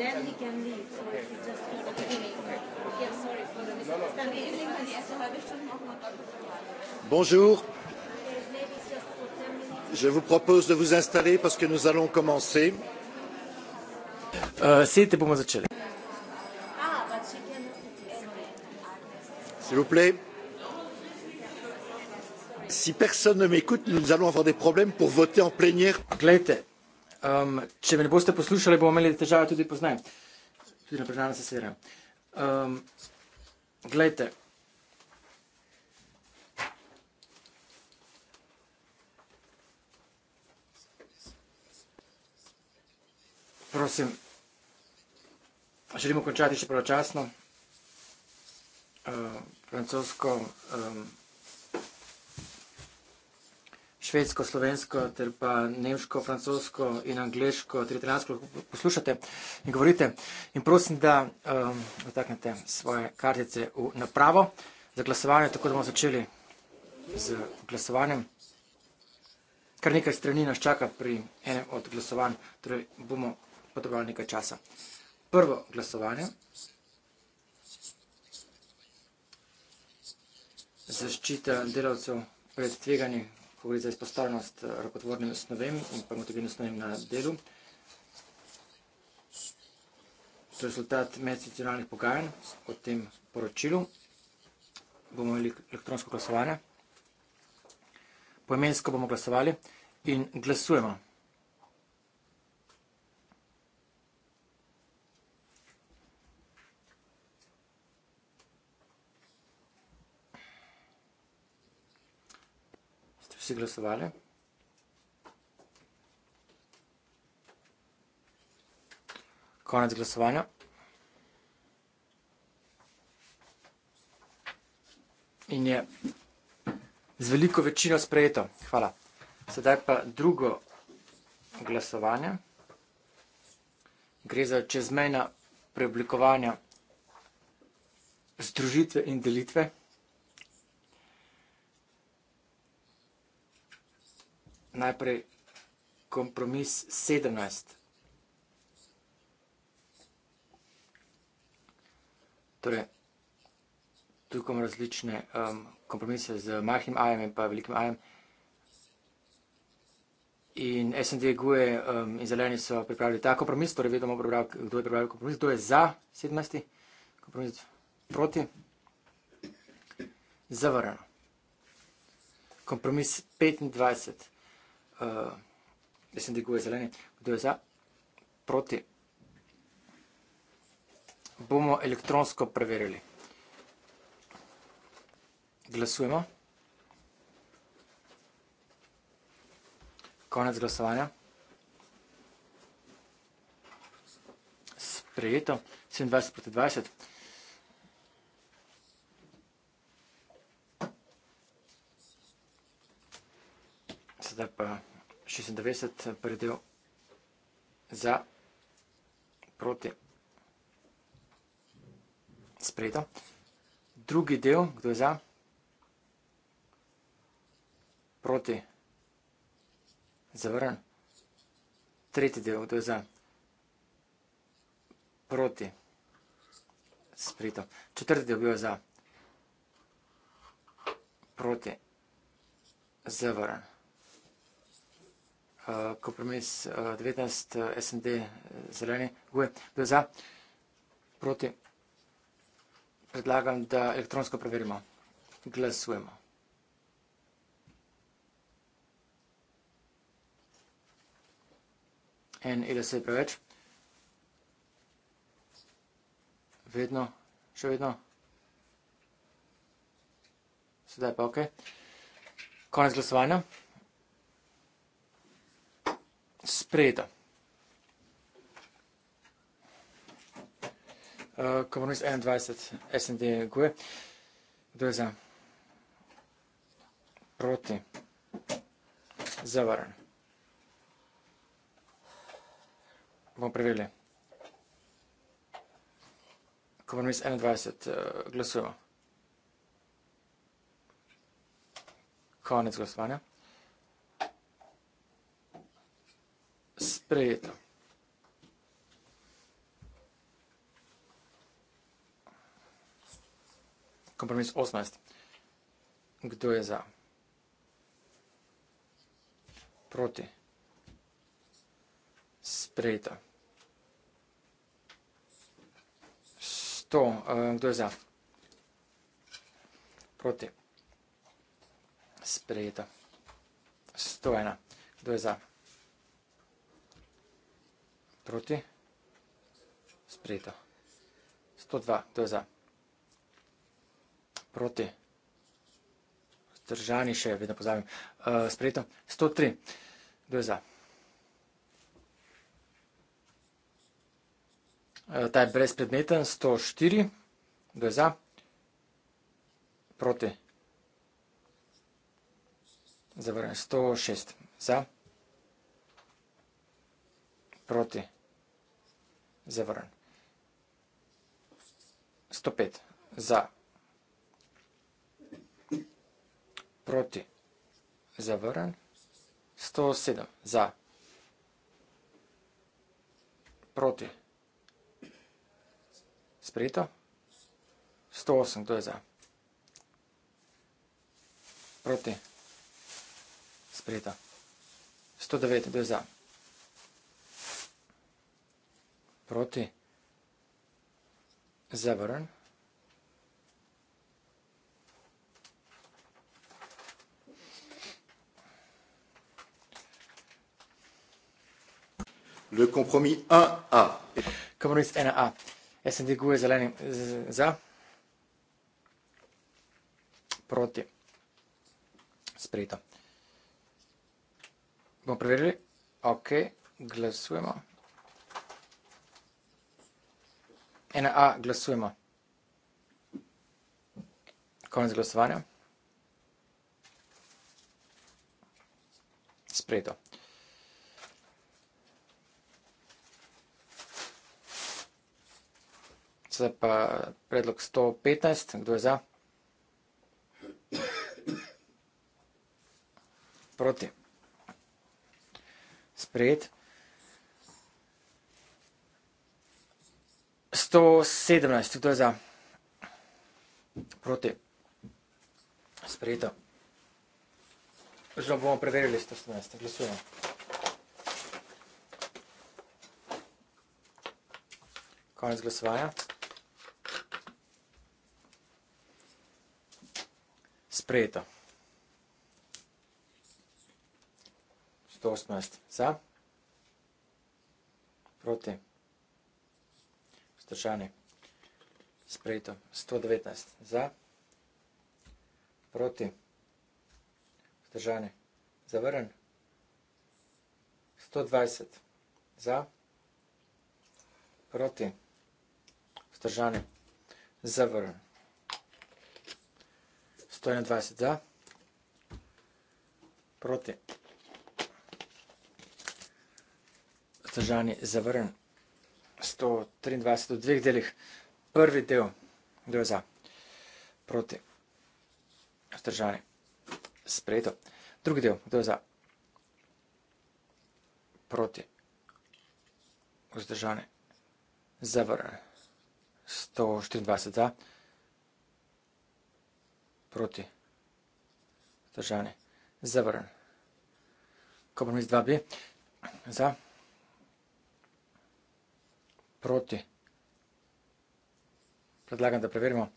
then he can leave. So okay. he just okay. Okay. Okay. Yeah, sorry for the misunderstanding. No, no. Bonjour. Je vous propose de vous installer parce que nous allons commencer. Euh, ah, S'il vous plaît. Si personne ne m'écoute, nous allons avoir des problèmes pour voter en plénière. Glette. Um, če me ne boste poslušali, bomo imeli težave tudi poznaj. Tudi na prežnane se sere. Um, glejte. Prosim. Želimo končati še pravočasno. Um, francosko... Um, švedsko, slovensko, ter pa nemško, francosko in angliško, ter italijansko poslušate in govorite. In prosim, da um, dotaknete um, svoje kartice v napravo za glasovanje, tako da bomo začeli z glasovanjem. Kar nekaj strani nas čaka pri enem od glasovanj, torej bomo potrebovali nekaj časa. Prvo glasovanje. Zaščita delavcev pred tveganjem ko gre za izpostavljenost eh, rakotvornim snovem in pa motogenim snovem na delu. To je rezultat medsicionalnih pogajanj o tem poročilu. Bomo imeli elektronsko glasovanje. Poimensko bomo glasovali in glasujemo. vsi glasovali. Konec glasovanja. In je z veliko večino sprejeto. Hvala. Sedaj pa drugo glasovanje. Gre za čezmejna preoblikovanja združitve in delitve. najprej kompromis 17. Torej, tukaj imamo različne um, kompromise z majhnim ajem in pa velikim ajem. In SND, GUE um, in Zeleni so pripravili ta kompromis, torej vedno bomo pripravili, kdo je pripravil kompromis, kdo je za 17. kompromis proti. Zavrano. Kompromis 25 uh, mislim, da je gore zeleni, kdo je za, proti. Bomo elektronsko preverili. Glasujemo. Konec glasovanja. Sprejeto. 27 proti 20. Sedaj pa. 96 predel za proti sprejeto. Drugi del, kdo je za proti zavrn. Tretji del, kdo je za proti sprejeto. Četrti del bil je za proti zavrn. Eh, kompromis 19, eh, eh, SND, zeleni, guje, kdo je za, proti, predlagam, da elektronsko preverimo, glasujemo. En ili se je preveč, vedno, še vedno, sedaj pa ok, konec glasovanja, spreda. Uh, ko bomo res 21 SND GUE, kdo je za? Proti. Zavaran. Bomo preverili. Ko bomo res 21 uh, glasujemo. Konec glasovanja. sprejeta. Kompromis 18. Kdo je za? Proti. Sprejeta. 100. Eh, kdo je za? Proti. Sprejeta. 101. Kdo je za? Proti proti, sprejeto. 102, to je za, proti, zdržani še, vedno pozabim, uh, sprejeto. 103, to je za. Uh, ta je brezpredmeten, 104, to je za, proti, zavrnjen, 106, za, proti zavrn. 105 za, proti, zavrn, 107 za, proti, sprejeto, 108, kdo je za, proti, sprejeto, 109, kdo je za, proti, sprejeto, proti, zavrn. Le compromis 1A. Compromis 1A. Jaz sem dviguje zeleni za. Proti. Sprejeto. Bomo preverili. Ok. Glasujemo. 1A glasujemo. Konec glasovanja. Sprejeto. Zdaj pa predlog 115, kdo je za? Proti. Sprejeti. 117, tudi za proti sprejeto. Zdaj bomo preverili 117, glasujem. Konec glasovanja. Sprejeto. 118, za proti sprejeto. Vzdržani. Sprejeto. 119. Za. Proti. Vzdržani. Zavrn. 120. Za. Proti. Vzdržani. Zavrn. 121. Za. Proti. Vzdržani. Zavrn. 123 v dveh delih. Prvi del, kdo je za, proti, vzdržani, sprejeto. Drugi del, kdo je za, proti, vzdržani, zavrne. 124 za, proti, vzdržani, zavrne. Kompromis 2b, za, proti, vzdržani, zavrne proti. Predlagam, da preverimo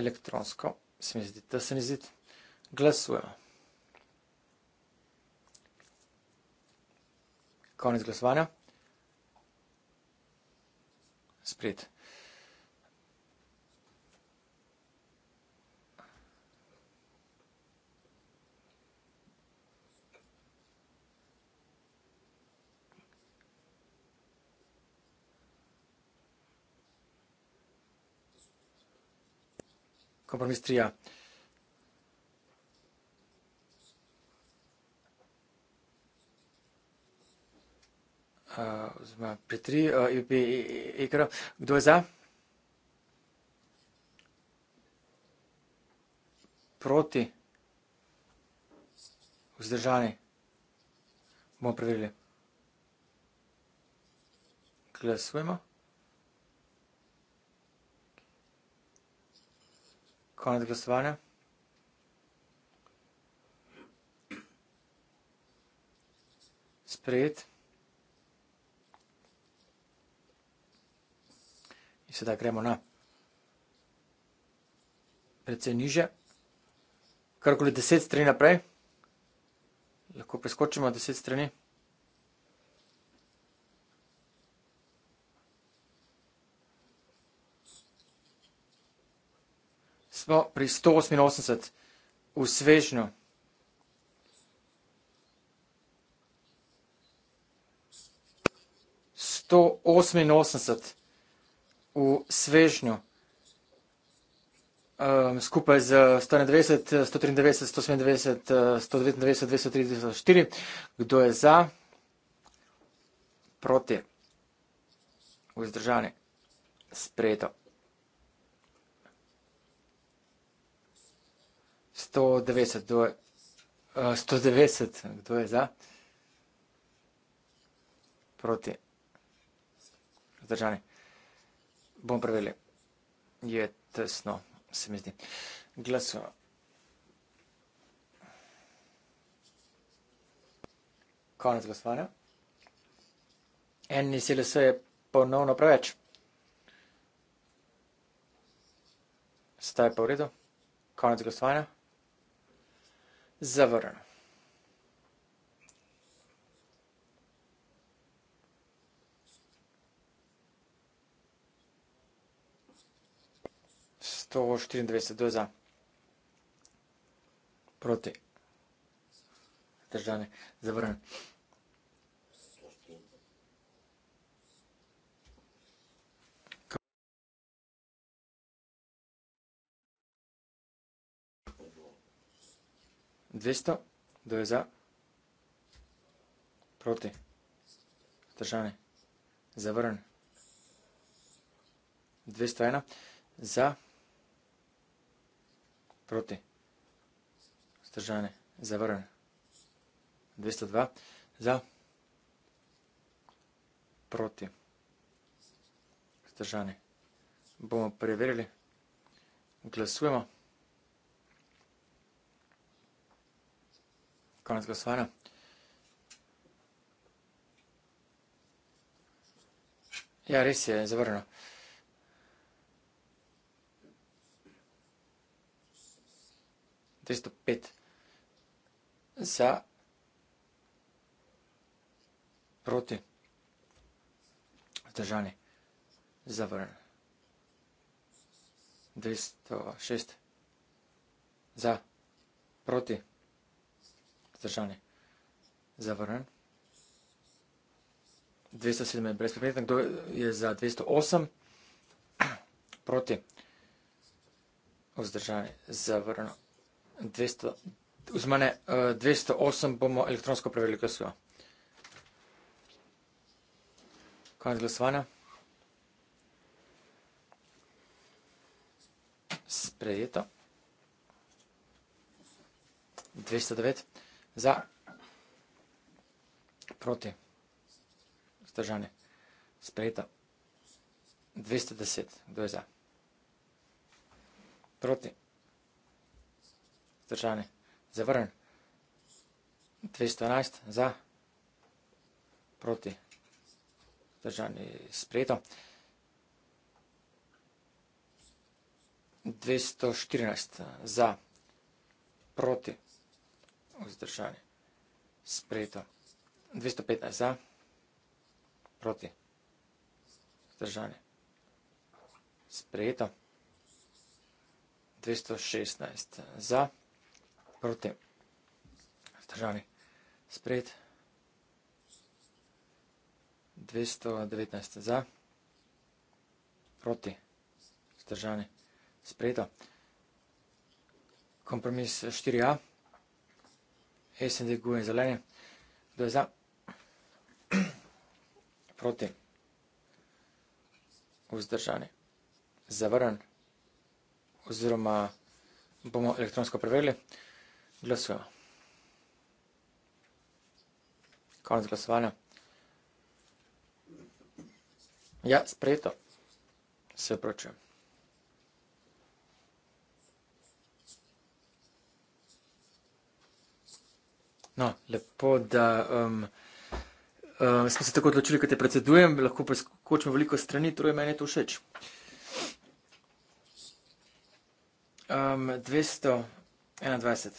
elektronsko smizdit, da se ne zdi. Glasujemo. Konec glasovanja. Sprejeti. Compromistria. Ja. Oziroma, pri tri je bi igra. Kdo je za? Proti? Vzdržani? Bomo preverili. Glasujemo. Konec glasovanja. Sprejet. In sedaj gremo na precej niže. Karkoli deset strani naprej. Lahko preskočimo deset strani. smo pri 188 v svežnju. To 88 v svežnju, um, skupaj z 190, 193, 197, 199, 234, kdo je za, proti, vzdržani, sprejeto. 190, eh, kdo je za? Proti. Zdržani. Bom preveli. Je tesno, se mi zdi. Glasujem. Konec glasovanja. En nisile se je ponovno preveč. Staj pa v redu. Konec glasovanja zavrnil. To bo 24 doza proti državne zavrne. 200, кто за, против, задержание, завернен, 201, за, против, задержание, завернен, 202, за, против, задержание. Бомо проверили, гласуемо. konec glasovanja. Ja, res je, zavrno. Tristo pet za proti vzdržani zavrn. Dvesto šest za proti vzdržani. Zdržanje. Zavrnen. 207 je brezpredmeten, kdo je za 208? Proti. Vzdržanje. Zavrnen. 200, vzmane, 208 eh, bomo elektronsko preverili glasujo. Konec glasovanja. Sprejeto. 209 za, proti, zdržane, sprejeta, 210, kdo je za, proti, zdržane, zavrn, 211, za, proti, zdržane, sprejeta, 214, za, proti, zdržane, vzdržanje. Sprejeto. 215 za, proti, vzdržanje. Sprejeto. 216 za, proti, vzdržanje. Sprejeto. 219 za, proti, vzdržanje. Sprejeto. Kompromis 4a. SND Gujem Zelenje. Kdo je za? Proti? Vzdržani? Zavrn? Oziroma bomo elektronsko preverili? Glasujemo. Konec glasovanja. Ja, sprejeto. Se pročujem. No, lepo, da um, um, smo se tako odločili, da te predsedujem, lahko pa skočimo veliko strani, torej meni je to všeč. Um, 221.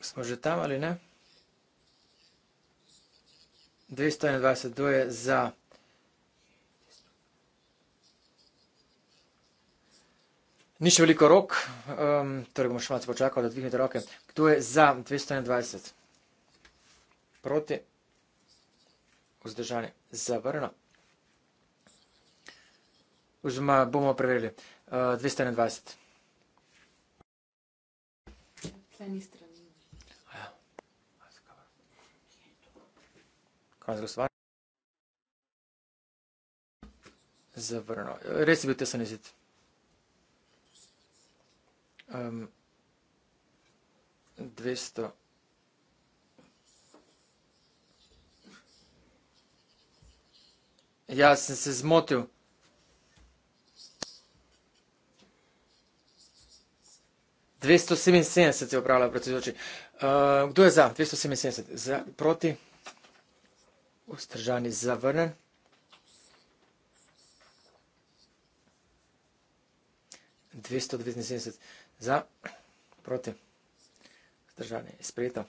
Smo že tam ali ne? 221, kdo je za? Ni še veliko rok, um, torej bomo še malo počakali, da dvignete roke. Kdo je za 221? Proti. Vzdržanje. Zavrno. Oziroma bomo preverili. Uh, 221. Kaj ni strani? Ja. Kaj je to? Kaj je to? Zavrno. Res je bil tesen izid. 200. Um, ja, sem se zmotil. Dvesto seminsedemdeset je upravila predsedujoči. Uh, kdo je za? Dvesto seminsedemdeset. Za, proti? Ustržani zavrnen. Dvesto dvesto seminsedemdeset za, proti, vzdržanje je sprejeto.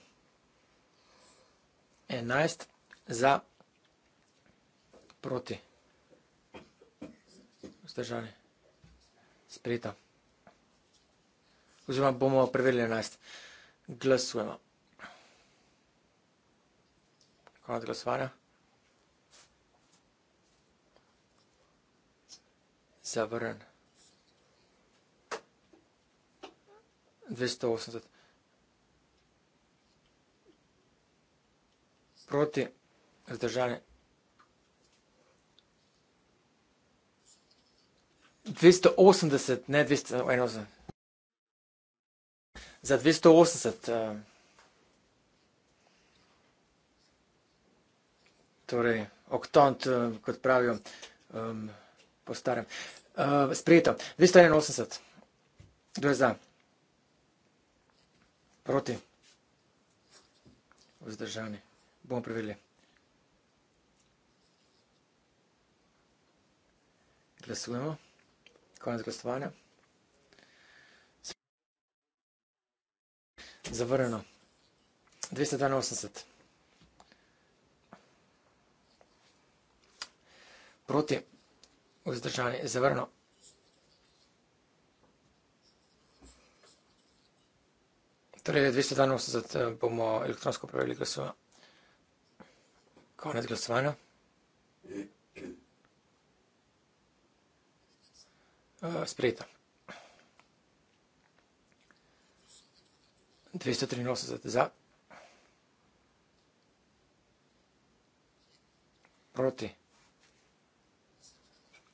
11 za, proti, vzdržanje je sprejeto. Oziroma bomo preverili 11. Glasujemo. Konat glasovanja. Zavrn. 280 proti zdržanje 280, ne 281 za 280 eh, torej oktant, eh, kot pravijo ehm, po starem eh, sprejeto, 281 kdo je za? proti, vzdržani, bomo preverili. Glasujemo, konec glasovanja. Zavrljeno, 282. Proti, vzdržani, zavrljeno. Torej, 282 eh, bomo elektronsko preverili glasovanje. Konec glasovanja. Uh, Sprejeta. 283 za. Proti.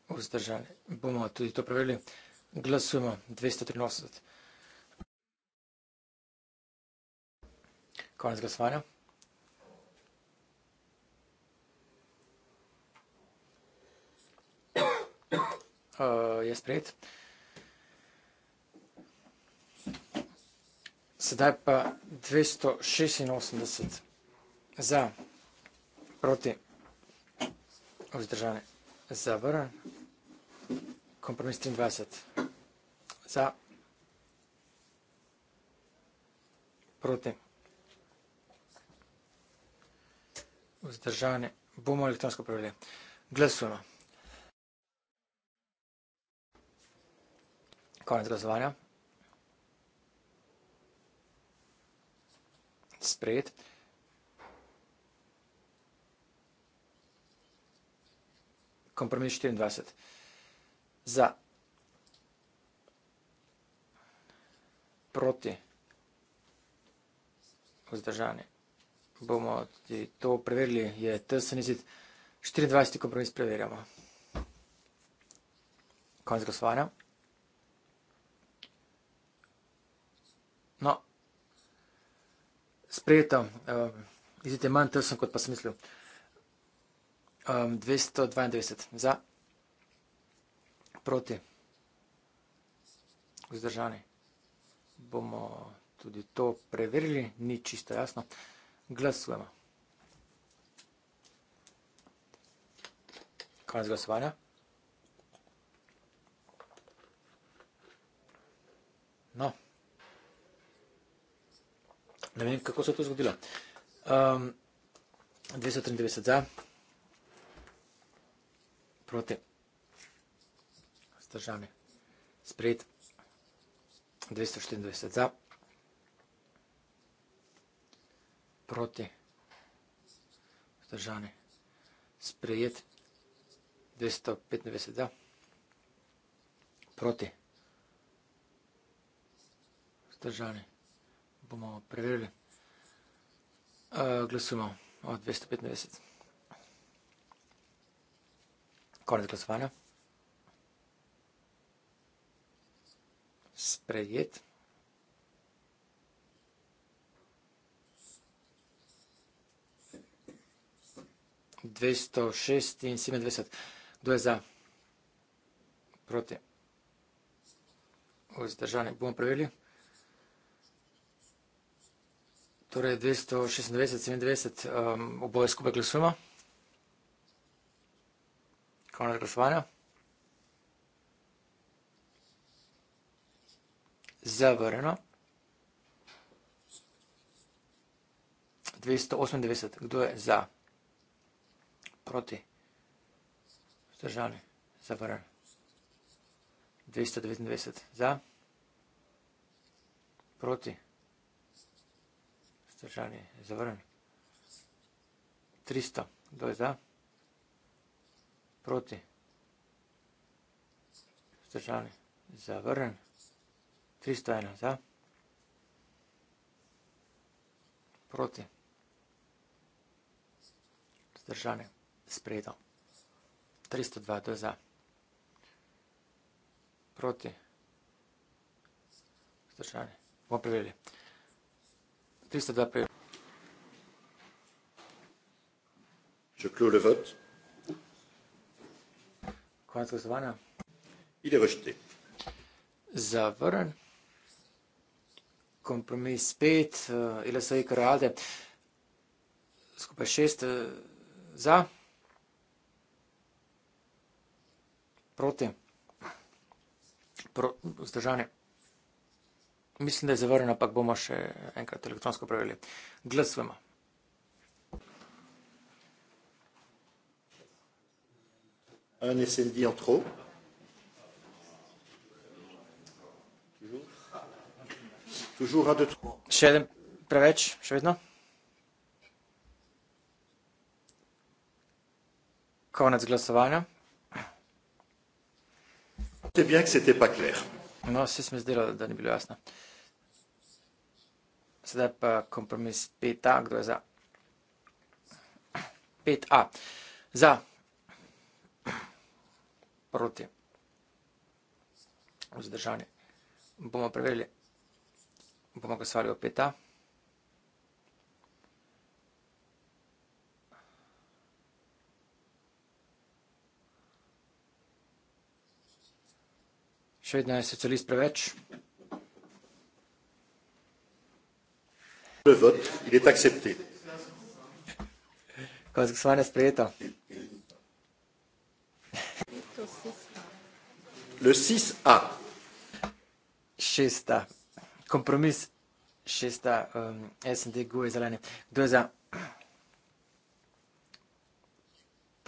Vzdržanje. Bomo tudi to preverili. Glasujemo. 283. Konec glasovanja. Uh, je sprejet. Sedaj pa 286 za, proti, vzdržane, zavrn, kompromis 23 za, proti, vzdržane, Vzdržani bomo elektronsko preverili. Glasujemo. Konec glasovanja. Sprejet. Kompromis 24. Za. Proti. Vzdržanje bomo to preverili, je TSNZ 24. kompromis preverjamo. Konec glasovanja. No, sprejeto, ehm, izid je manj TSN, kot pa sem mislil. 292 ehm, za, proti, vzdržani. Bomo tudi to preverili, ni čisto jasno glasujemo. Konec glasovanja. No. Ne vem, kako se je to zgodilo. Um, 293 za, proti, zdržani, sprejet, 294 za. proti državni sprejet 295 da proti državni bomo preverili eh, glasujemo od 295 konec glasovanja sprejet 295 206 in 27. Kdo je za? Proti. Vzdržani bomo preverili. Torej 296, 97, um, oboje skupaj glasujemo. Konec glasovanja. Zavrjeno. 298, kdo je za? proti. Vzdržani. Zavrn. 229 za. Proti. Vzdržani. Zavrn. 300. Kdo je za? Proti. Vzdržani. Zavrn. 301 za. Proti. Vzdržani sprejeto. 302 do za. Proti. Zdržanje. Bomo preverili. 302 pre... Je clos le vote. Konec glasovanja. Il est rejeté. Zavrn. Kompromis spet. Uh, eh, ile so i karalde. Skupaj šest uh, za. Za. proti, pro, vzdržanje. Mislim, da je zavrnjeno, ampak bomo še enkrat elektronsko preverili. Glasujemo. Un incendie en trop. Toujours un de trop. Chère Prevec, je vais maintenant. Connaître C'était bien que ce n'était pas clair. Non, si se mi zdelo, da ni bilo jasno. Sedaj pa kompromis 5a, kdo je za? 5a. Za. Proti. Vzdržanje. Bomo preverili. Bomo glasovali o 5a. še vedno je socialist preveč. Le vot, il est accepté. Ko je glasovanje sprejeto. Le 6A. Šesta. Kompromis šesta. Um, SND, GUE, zeleni. Kdo je za?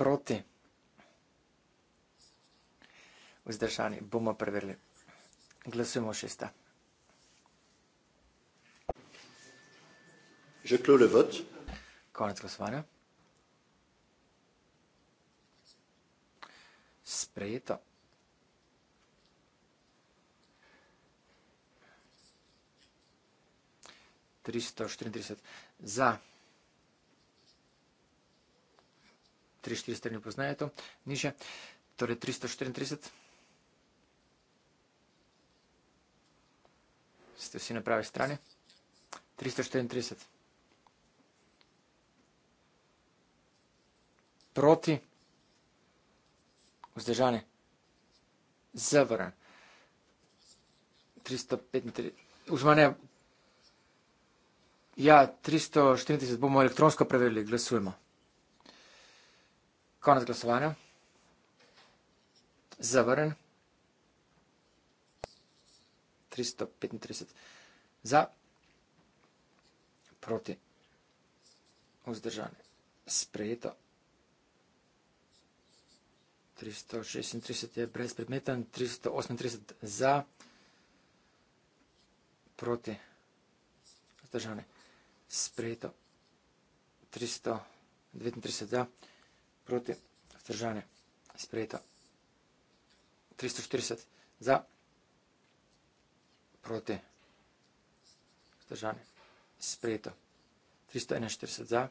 Proti vzdržani. Bomo preverili. Glasujemo šesta. Je clos le vote. Konec glasovanja. Sprejeto. Tristo štiriintrideset za, tri štiri strani poznajo to, nižje, torej tristo štiriintrideset. ste vsi na pravi strani. 334. Proti. Vzdržanje. Zavrn. 335. Vzmanje. Ja, 334 bomo elektronsko preverili. Glasujemo. Konec glasovanja. Zavrn. 335 za, proti, vzdržane, sprejeto, 336 je brezpredmeten, 338 za, proti, vzdržane, sprejeto, 339 za, proti, vzdržane, sprejeto, 340 za, proti, vzdržane, sprejeto, 340 za, proti. Zdržani. Sprejeto. 341 za.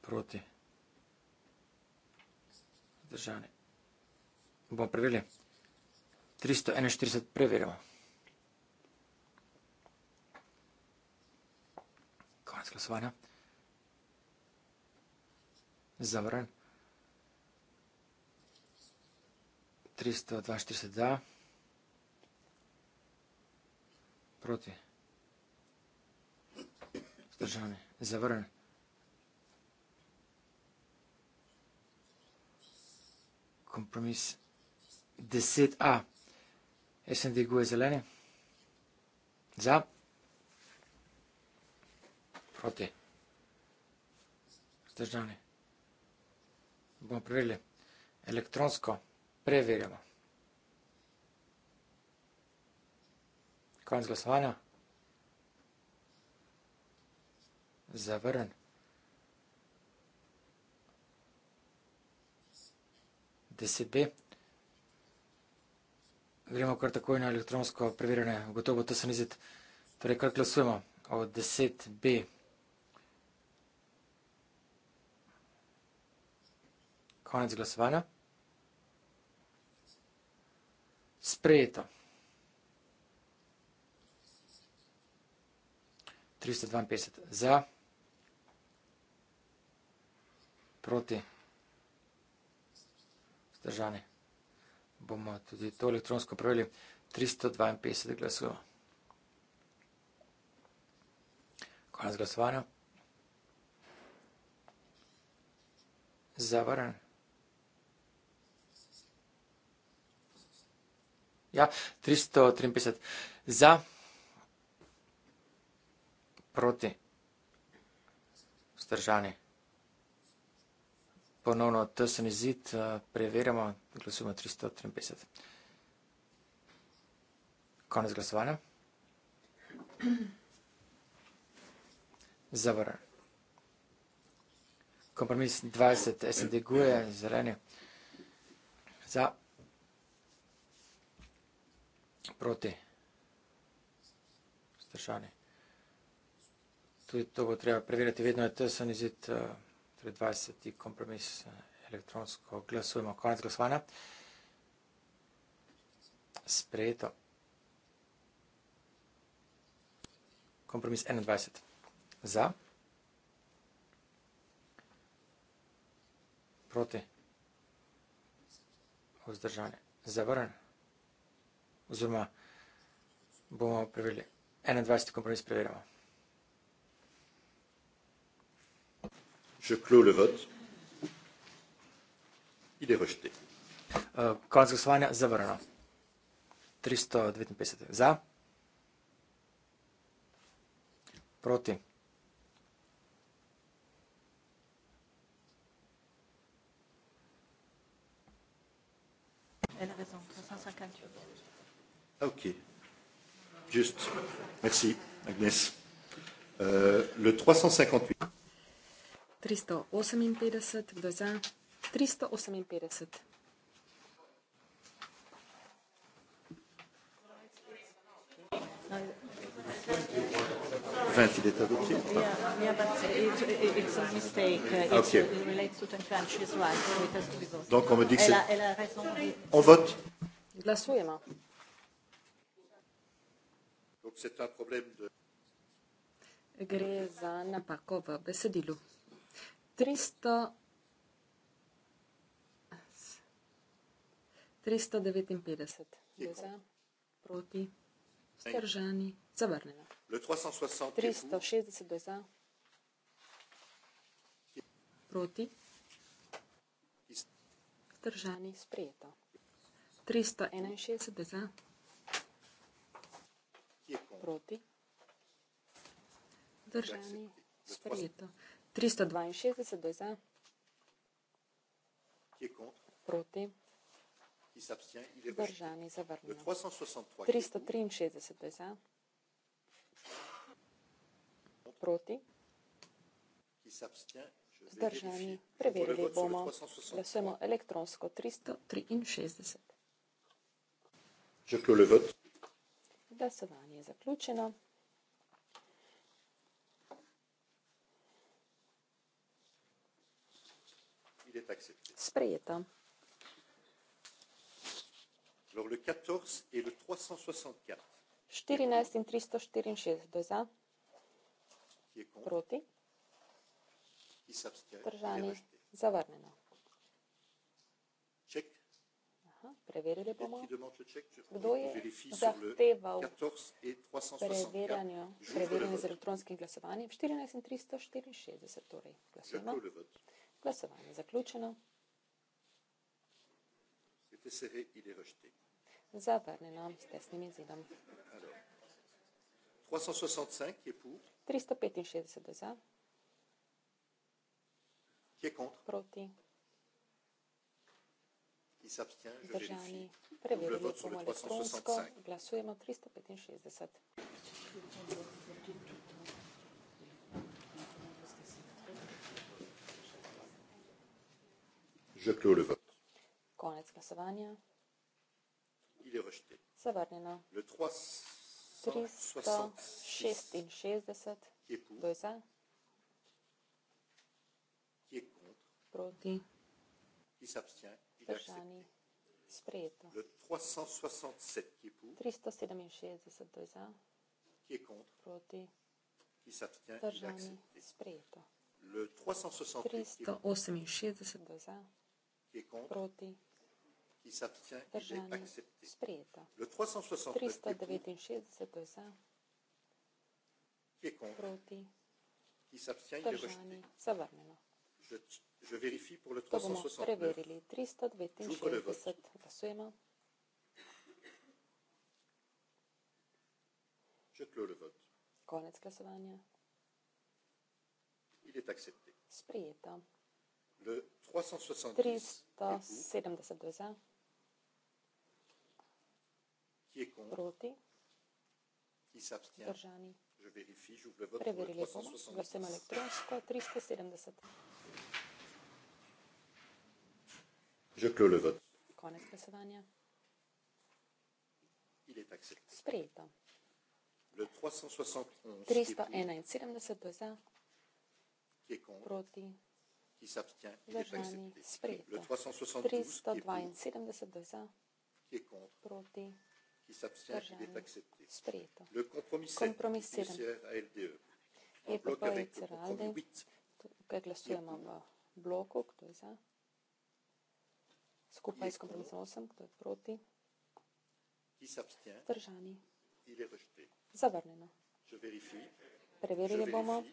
Proti. Zdržani. Bomo preverili. 341 preverimo. Konec glasovanja. Zavrn. 342 za. Proti. Zdržane. Zavrn. Kompromis 10A. SND guje zeleni. Za. Proti. Zdržane. Bomo preverili. Elektronsko preverjamo. Konc glasovanja. Zavrn. DCB. Gremo kar takoj na elektronsko preverjanje. Gotovo to se ni zid. Torej, kar glasujemo o 10B. Konec glasovanja. Sprejeto. 352 za, proti, vzdržani. Bomo tudi to elektronsko pravili. 352 glasov. Konec glasovanja. Zavaren. Ja, 353 za proti, vzdržani. Ponovno tesen izid, preverjamo, glasujemo 353. Konec glasovanja. Zavrn. Kompromis 20, SND guje, zeleni. Za. Proti. Vzdržani tudi to bo treba preverjati, vedno je tesen izid, eh, torej 20. kompromis eh, elektronsko glasujemo. Konec glasovanja. Sprejeto. Kompromis 21. Za. Proti. Vzdržanje. Zavrn. Oziroma bomo preverili. 21. kompromis preverjamo. Je clôt le vote. Il est rejeté. Euh, Konec glasovanja zavrnjeno. 359 za. Proti. Ah, ok. Juste. Merci, Agnès. Euh, le 358. 358, kdo je za? 358. Twenty data Yeah, yeah, but it, it, it's a mistake. It's, okay. It relates to twenty twenty. She's right. So it has to be voted. Donc on me dit que elle a, elle a on vote. Glasujemo. Donc c'est un problème de. Gre za napako v besedilu. 359 proti, vzdržani, zavrnjeno. 360 za, proti, vzdržani, sprejeto. 361 za, proti, vzdržani, sprejeto. 362 za. Proti. Zdržani, zavrnjen. 363 za. Proti. Zdržani, preverili bomo. Glasujemo elektronsko 363. Glasovanje je zaključeno. est accepté. Sprejeta. Alors le 14 et le 364. 14 in 364. Qui est contre? Proti. Qui s'abstient? Držani. Zavrneno. Check. Aha, preverili bomo. Kdo je zahteval preverjanje, preverjanje z elektronskim glasovanjem? 14 in 364 torej glasujemo. Glasovanje zaključeno. Zavrnjeno s tesnim izidom. 365 je za. Qui est contre Proti. Qui s'abstient Je Držani. vérifie. Double vote sur le 365. Je clôt le vote. Konec glasovanja. Il est rejeté. Zavrnjeno. Le 366. Qui est pour? Doza. Qui est contre? Proti. Qui s'abstient? Il est accepté. Sprejeto. Le 367 qui est pour? 367 doza. Qui est contre? Proti. Qui s'abstient? Il est accepté. Sprejeto. Le 368 qui est pour? 368 doza qui est contre, proti. qui s'abstient, j'ai accepté. Sprieto. Le 369 est pour, qui est contre, proti. qui s'abstient, il est rejeté. Je, je vérifie pour le 369. J'ouvre le vote. Je clôt le vote. Konec glasovanja. Il est accepté. Sprieto. 372 qui est contre Proti. qui s'abstient Držani. je vérifie j'ouvre le vote pour le 370 je clôt le vote Konec il est accepté Sprejeto. le 371 371 qui est contre Proti qui s'abstient, il est accepté. Le 372 qui est contre, proti, qui s'abstient, il est accepté. Sprieto. Le compromis 7, compromis 7. Commissaire à LDE, en Et bloc avec le compromis 8, qui est contre. bloku, kdo je za, skupaj s kompromisom 8, kdo je proti, držani, zavrnjeno. Preverili bomo.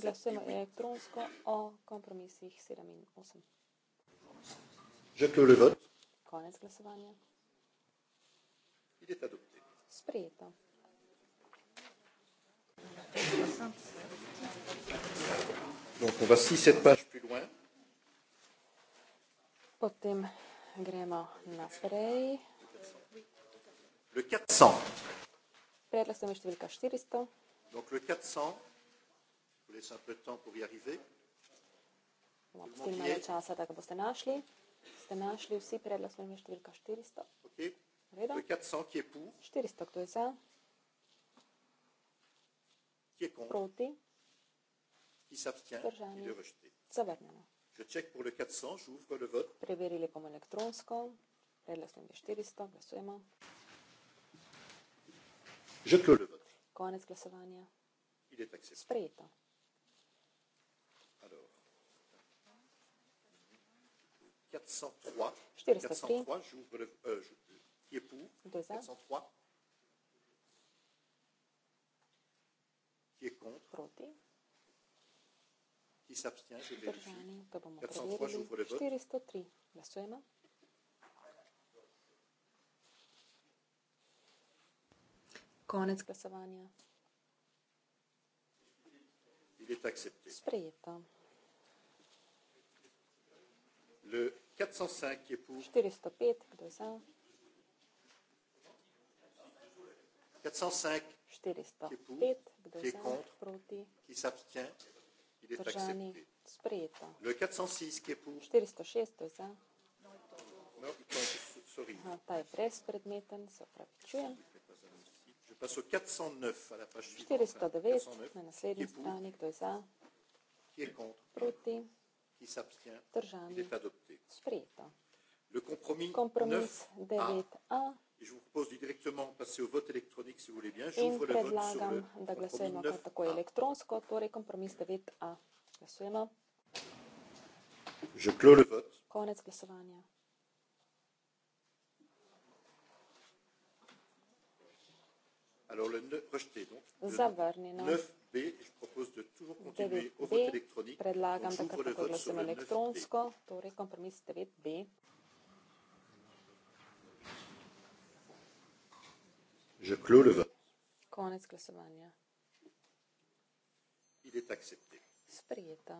Glasujemo elektronsko o kompromisih 7 in 8. Konec glasovanja. Sprejeto. Potem gremo naprej. Predlog sem številka 400. Donc le 400, je vous laisse un peu de temps pour y arriver. Ste našli vsi predlog s pomočjo številka 400? Okay. 400, ki je pu. 400, kdo je za? Ki je kontra? Proti. Ki se abstinja? Zdržanje. Zavrnjeno. Če ček po le 400, žuvko le vod. Preverili bomo elektronsko. Predlog s pomočjo 400, glasujemo. Žuvko le vod. Konec glasovanja. Sprejeto. Euh, qui s'abstient, je vais 403, j'ouvre le vote. 403, glasujemo. Konec glasovanja. Sprejeto. 405, kdo je za? 405, kdo je za? Proti. Ki se abstient. Držani. Sprejeto. 406, kdo je za? Ta je brezpredmeten, se opravičujem. Je passe au 409 à la page 409, 409. Qui, est pour, qui, est qui est contre, Proti. qui s'abstient, il est adopté. Sprito. Le compromis, compromis 9A. 9A. Et je vous propose de directement passer au vote électronique si vous voulez bien. J'ouvre le vote sur le compromis 9A. Pour le compromis 9A. Je clôt le vote. Konec glasovanja. Alors le ne, rejeté donc. Zavrnino. 9B, je propose de toujours continuer au vote électronique. Predlagam donc, da kar glasujemo elektronsko, torej kompromis 9B. Je clôt le vote. Konec glasovanja. Il est accepté. Sprejeto.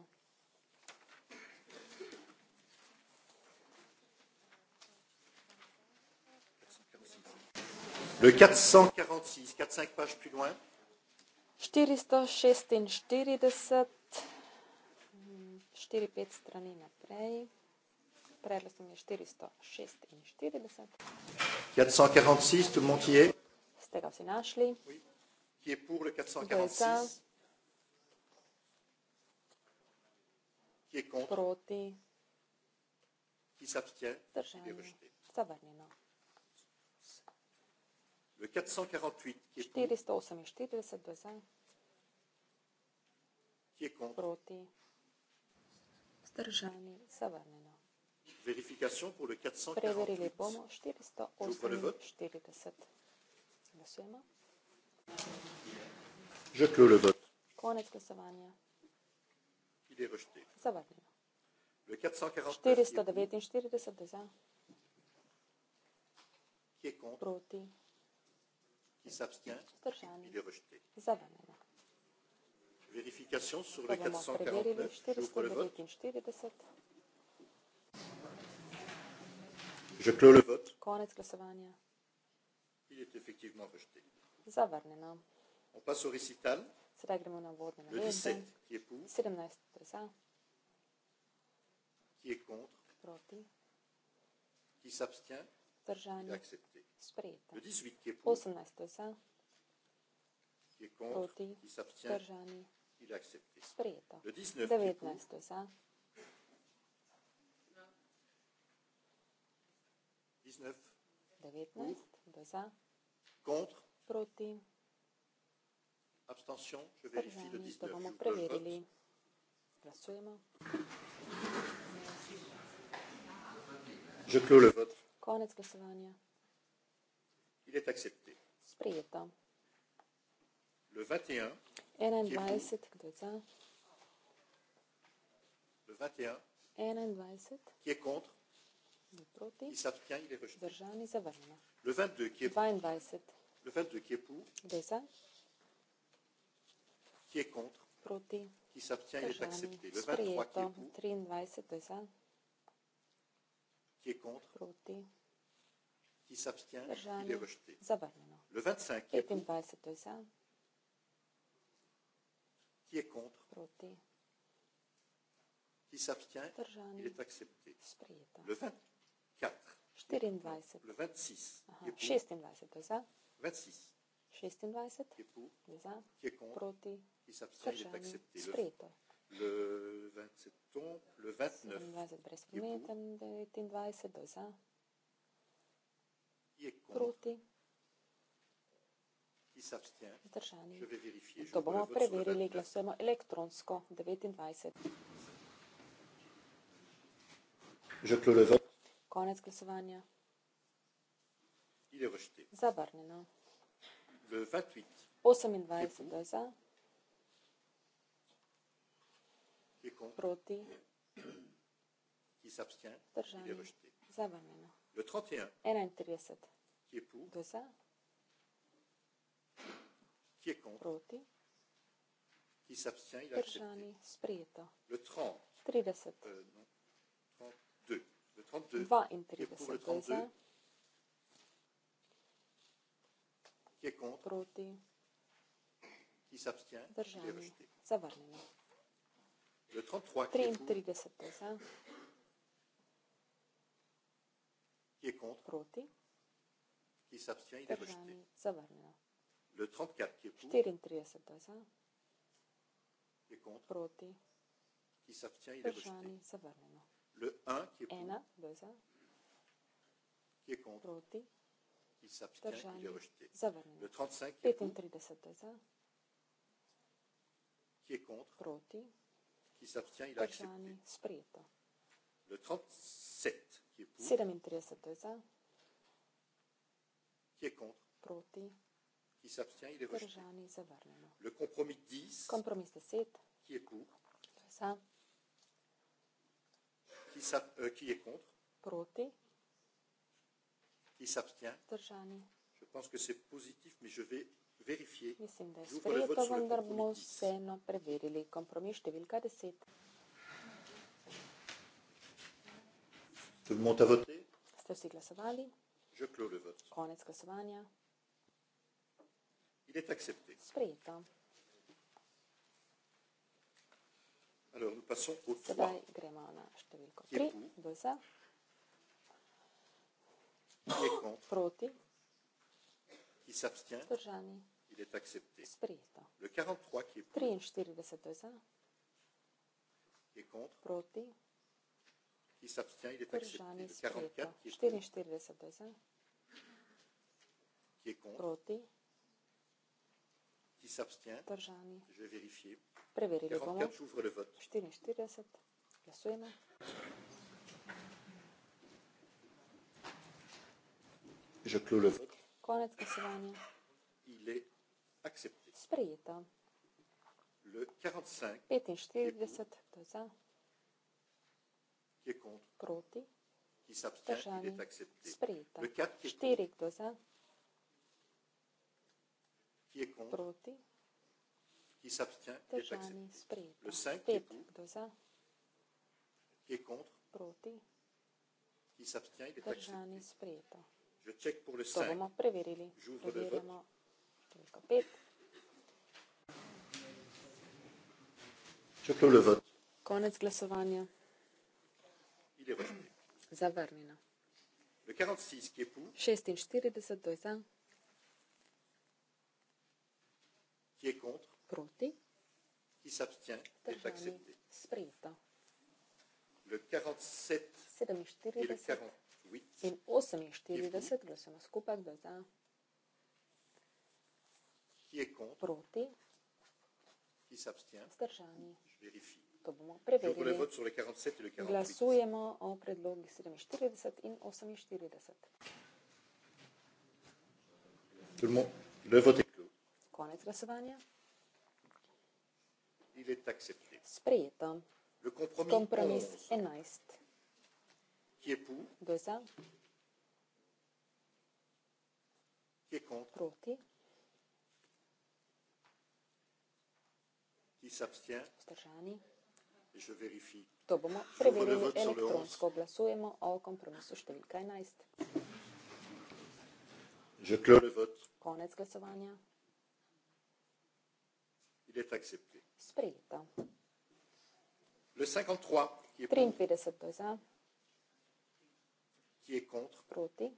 Le 446, 4-5 pages plus loin. 446, 4-5 strani naprej. Predlog je 446. 446, tout le monde y est. Ste ga vsi našli? Oui. Qui est pour le 446? Qui est contre? Proti. Qui s'abstient? Zavrnjeno. 448 do zdaj. Proti. Zdržani, zavrnjeno. Preverili bomo 448. Glasujemo. Konec glasovanja. Zavrnjeno. 449 do zdaj. Proti. Qui s'abstient Il est rejeté. Vérification sur le 449. Je vote. Je clôt le vote. Il est effectivement rejeté. Zavrneno. On passe au récital. Sedaj gremo na vodne naredbe. 17 je za. Qui est contre? Proti. Qui s'abstient? vzdržani, sprejeti. 18. za, proti, vzdržani, sprejeti. 19. za, 19. za, proti, Abstention, je vérifie le 19. Je vote. Je clôt le vote. Konec glasovanja. Il est accepté. Sprejeto. Le 21. 21. Kdo je za? Le 21. 21. Qui est contre? Proti. Il s'abstient, il est rejeté. Zdržan je zavrnjen. Le 22 qui est 22. Le 22 qui est pour? Kdo je za? Qui est contre? Proti. Qui s'abstient, il est accepté. Le 23 Sprejeto. qui est pour? 23, kdo je za? qui est contre, proti. qui s'abstient, il est rejeté. Zavrneno. Le 25 qui est, pour, qui est contre, proti. qui s'abstient, Držani. il est accepté. Sprieto. Le 24, 24. le 26, qui est pour, 26. 26. 26 qui est pour, qui est contre, proti. qui s'abstient, Držani. il est accepté. Sprieto. Le le 27 le 29 qui est contre qui s'abstient je vais vérifier je vais vérifier le 29 je clôt le vote il est rejeté le 28 28 proti, vzdržani, zavrnjeno. 31. Kdo za? Proti, vzdržani, sprijeto. 30. 32. Kdo za? Qui est contre, Proti. qui s'abstient, euh, qui est rejeté. 33 je za, ki je contre, proti, ki se abstiene, je zavrnjeno. 34 je za, ki je contre, proti, ki se abstiene, je zavrnjeno. 1, 2 je za, ki je contre, proti, ki se abstiene, je zavrnjeno. 35 je za, ki je contre, proti, qui s'abstient, il a accepté. Sprieto. Le 37 qui est pour. 37, ça. Qui est contre. Proti. Qui s'abstient, il est Držani rejeté. Zavrneno. Le compromis 10. Compromis 10. Qui est pour. Ça. Qui, euh, qui est contre. Proti. Qui s'abstient. Držani. Je pense que c'est positif, mais je vais Mislim, da je sprejeto, vendar bomo vseeno preverili kompromis številka 10. Ste vsi glasovali? Konec glasovanja. Sprejeto. Sedaj gremo na številko 3. Kdo je za? Proti? qui s'abstient, il est accepté. Sprieto. Le 43 qui est pour, qui est contre, Proti. qui s'abstient, il est Držani accepté. Le 44 qui est contre, qui est contre, Proti. qui s'abstient, Držani. je vais vérifier. Preverili 44, j'ouvre le vote. 44, glasujemo. Je clôt le vote. Konec glasovanja. Sprejeto. 45, to je za. Qui est contre, proti, qui s'abstient, il est accepté. Sprita. Le 4 qui est Štiri, contre, za. qui est contre, proti, qui s'abstient, il est accepté. Sprita. Le 5 Pet, qui, est pour, za. qui est contre, proti, qui s'abstient, il est accepté. Sprita. To bomo preverili. Preverjamo številko 5. Konec glasovanja. Zavrnjeno. 46 do je za. Proti. Ki se abstijen, je akceptiran. Sprejeto. 47 do je za in 48, glasujemo skupaj, kdo za, proti, zdržani. To bomo preverili. Glasujemo o predlogih 47 in 48. Konec glasovanja. Sprejeto. Kompromis 11 qui est pour Besa. qui est contre Proti. qui s'abstient Stržani. je vérifie to bomo preverili elektronsko. Glasujemo o kompromisu številka 11. Je clore le vote. Konec glasovanja. Il est accepté. Sprejeto. Le 53. 53, to je za. Qui est contre Proti.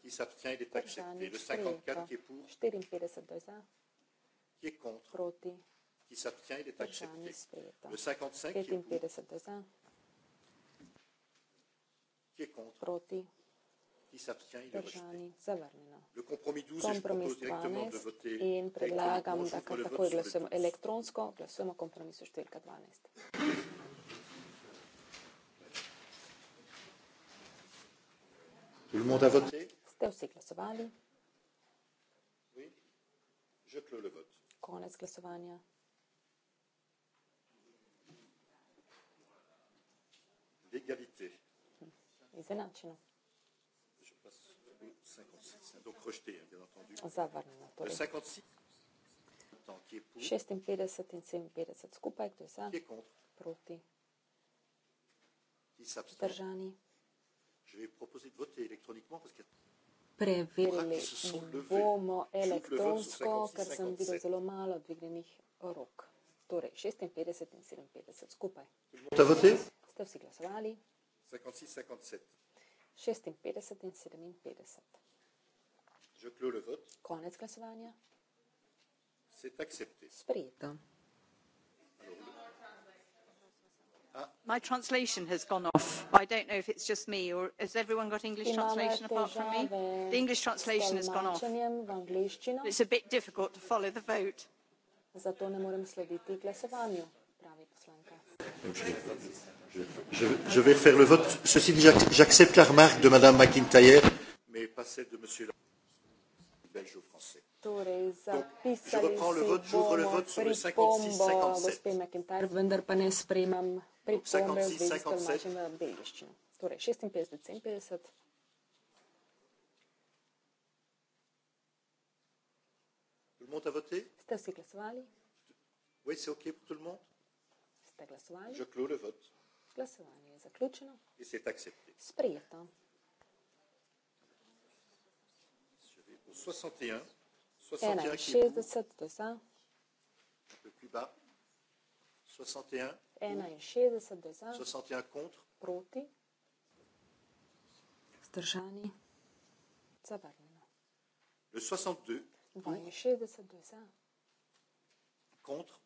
Qui s'abstient, il est accepté. Le 54 qui est pour. 52. Qui est contre Proti. Qui s'abstient, il est accepté. Le 55 qui est pour. Qui est contre Proti. Qui s'abstient, il est rejeté. Le compromis 12 compromis est proposé directement de voter. Et entre la gamme d'accord, le électronique, le compromis sur le 4-12. Ste vsi glasovali? Konec glasovanja. L'égalité. Hmm. Izenačeno. Je passe au 56. Donc rejeté, bien entendu. Zavarno, torej. Le 56. Attends, qui est pour 56 et 57 skupaj, kdo je za? Qui est contre? Proti. Qui s'abstient? Držani. Je vais proposer de voter électroniquement parce qu'il y a preverili bomo elektronsko, ker sem videl zelo malo dvignjenih rok. Torej, 56 in 57 skupaj. Ste vsi glasovali? 56 in 57. Konec glasovanja? Sprejeto. my translation has gone off i don't know if it's just me or has everyone got english translation apart from me the english translation has gone off it's a bit difficult to follow the vote Zato ne morem slediti glasovanju, pravi poslanka. Je, je, je vais faire le vote. Ceci dit, j'accepte la remarque de Madame McIntyre, mais pas celle de Monsieur Belge ou Français. Torej, Donc, je reprends le vote, j'ouvre le vote sur le 56-57 pripombe v zvezi s tolmačenjem na angliščino. Torej, 56, 57. Ste vsi glasovali? Oui, c'est OK pour tout le monde. Ste glasovali? Je clôt le vote. Glasovanje je zaključeno. Et c'est accepté. Sprejeto. 61. 61 61 qui est pour. 61, to je za. Un peu plus bas. 61 je za, 61 proti, vzdržani, zavrnjeno. 62 je za, proti, abstention, vzdržani, zavrnjeno. 63 je za,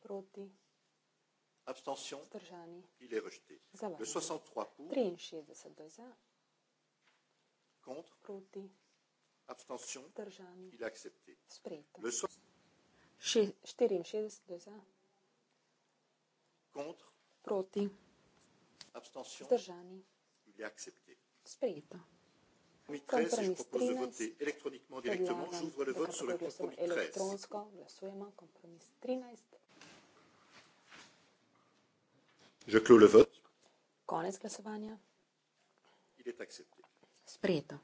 proti, abstention, vzdržani, sprejeto. 64 je za. Contre. Proti. Abstention. Zdržani. Il est accepté. Sprejeto. Compromis 13, je propose 13, de voter électroniquement directement. J'ouvre le vote sur le compromis 13. Compromis 13. Je clôt le vote. Konec glasovanja. Il est accepté. Sprejeto.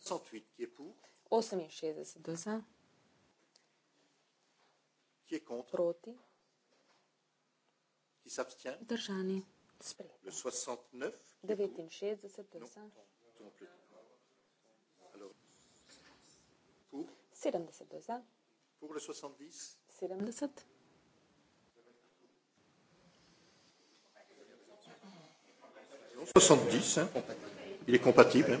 68, qui est pour? 68, qui est contre? Proti. Qui s'abstient Le 69 69 Alors, pour 72 Pour le 70 77 70, hein. il est compatible. Hein.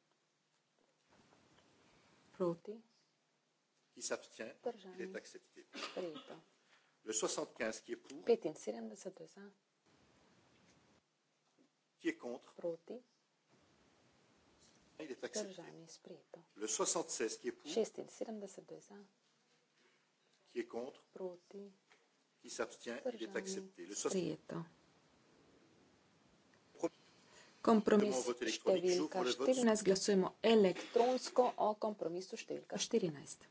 Proti. Qui s'abstient Il est accepté. Prieto. Le 75 qui est pour. 75 za. Qui est contre Proti. Il est accepté. Le 76 qui est pour. 76 za. Qui est contre Proti. Qui s'abstient Il est accepté. Le 76. 60... Kompromis številka 14, torej glasujemo elektronsko o kompromisu številka 14.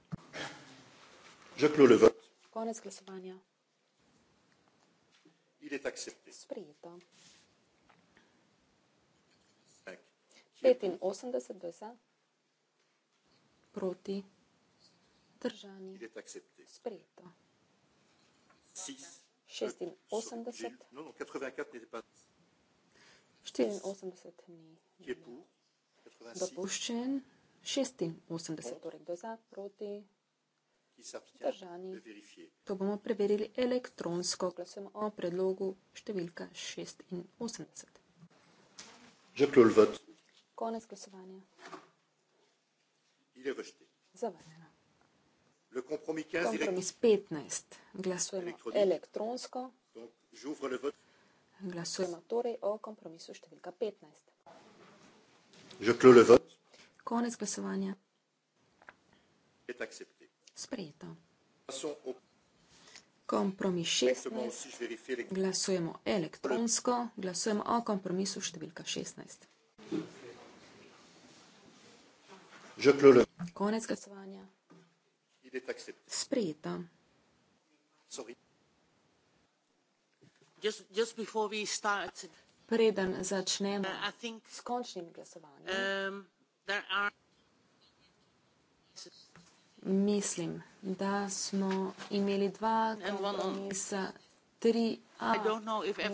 Konec glasovanja. Sprijeto. 85 glasa proti držani. Sprijeto. 86. 84 ni. Je pur, dopuščen, 86. Torej, kdo za, proti, držani. To bomo preverili elektronsko. Glasujemo o predlogu številka 86. Konec glasovanja. Zavrnjeno. Kompromis 15. Glasujemo elektronsko. Glasujemo torej o kompromisu številka 15. Je clou le vote. Konec glasovanja. Je accepté. Sprejeto. Kompromis 16. Glasujemo elektronsko. Glasujemo o kompromisu številka 16. Je clou le. Konec glasovanja. Sprejeto. Sorry. Preden začnemo uh, s končnim glasovanjem, um, mislim, da smo imeli dva kompromisa, tri A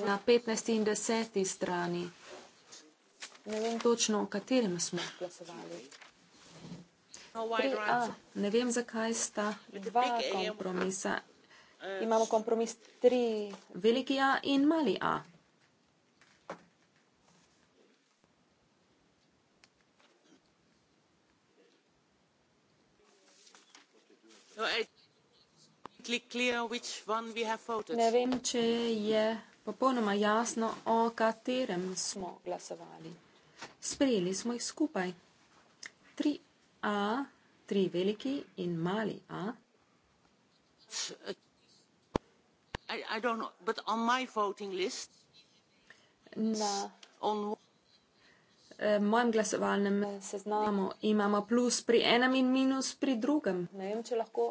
na 15. in 10. strani. Ne vem točno, o katerem smo glasovali. No, tri A, ne vem, zakaj sta dva kompromisa. Eh, imamo kompromis tri. Veliki A in mali A. Ne vem, če je popolnoma jasno, o katerem smo glasovali. Sprejeli smo jih skupaj. Tri A, tri veliki in mali A. Eh, I don't know, but on my voting list. Na, on... Eh, mojem glasovalnem seznamu imamo plus pri enem in minus pri drugem. Ne vem, če lahko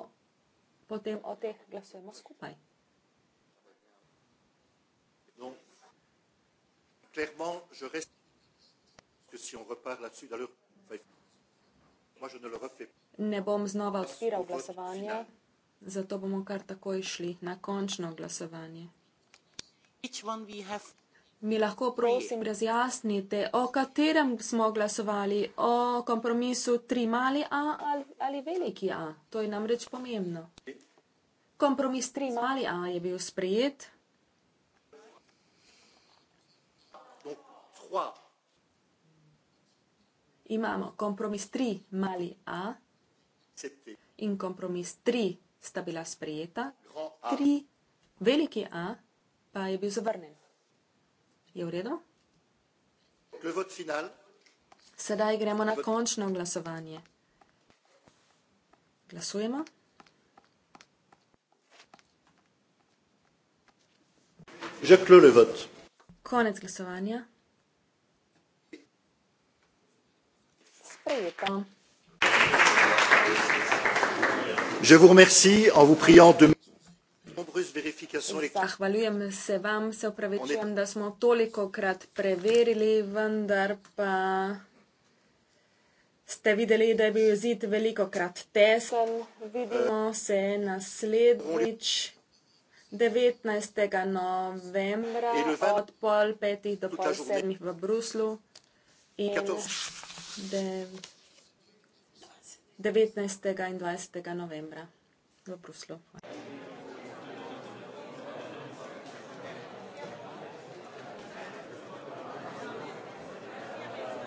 potem o teh glasujemo skupaj. Ne bom znova odpiral glasovanja. Zato bomo kar takoj šli na končno glasovanje. Mi lahko prosim razjasnite, o katerem smo glasovali, o kompromisu 3 mali A ali veliki A. To je namreč pomembno. Kompromis 3 mali A je bil sprejet. Imamo kompromis 3 mali A in kompromis 3 mali A sta bila sprejeta, tri, veliki A pa je bil zavrnen. Je v redu? Sedaj gremo na končno glasovanje. Glasujemo. Že klo le vot. Konec glasovanja. Sprejeto. Je vous remercie en vous priant de Zahvaljujem se vam, se upravičujem, da smo toliko krat preverili, vendar pa ste videli, da je bil zid veliko krat tesen. Vidimo se naslednjič 19. novembra od pol petih do pol sedmih v Bruslu. In 14. 19. in 20. novembra v Bruslu.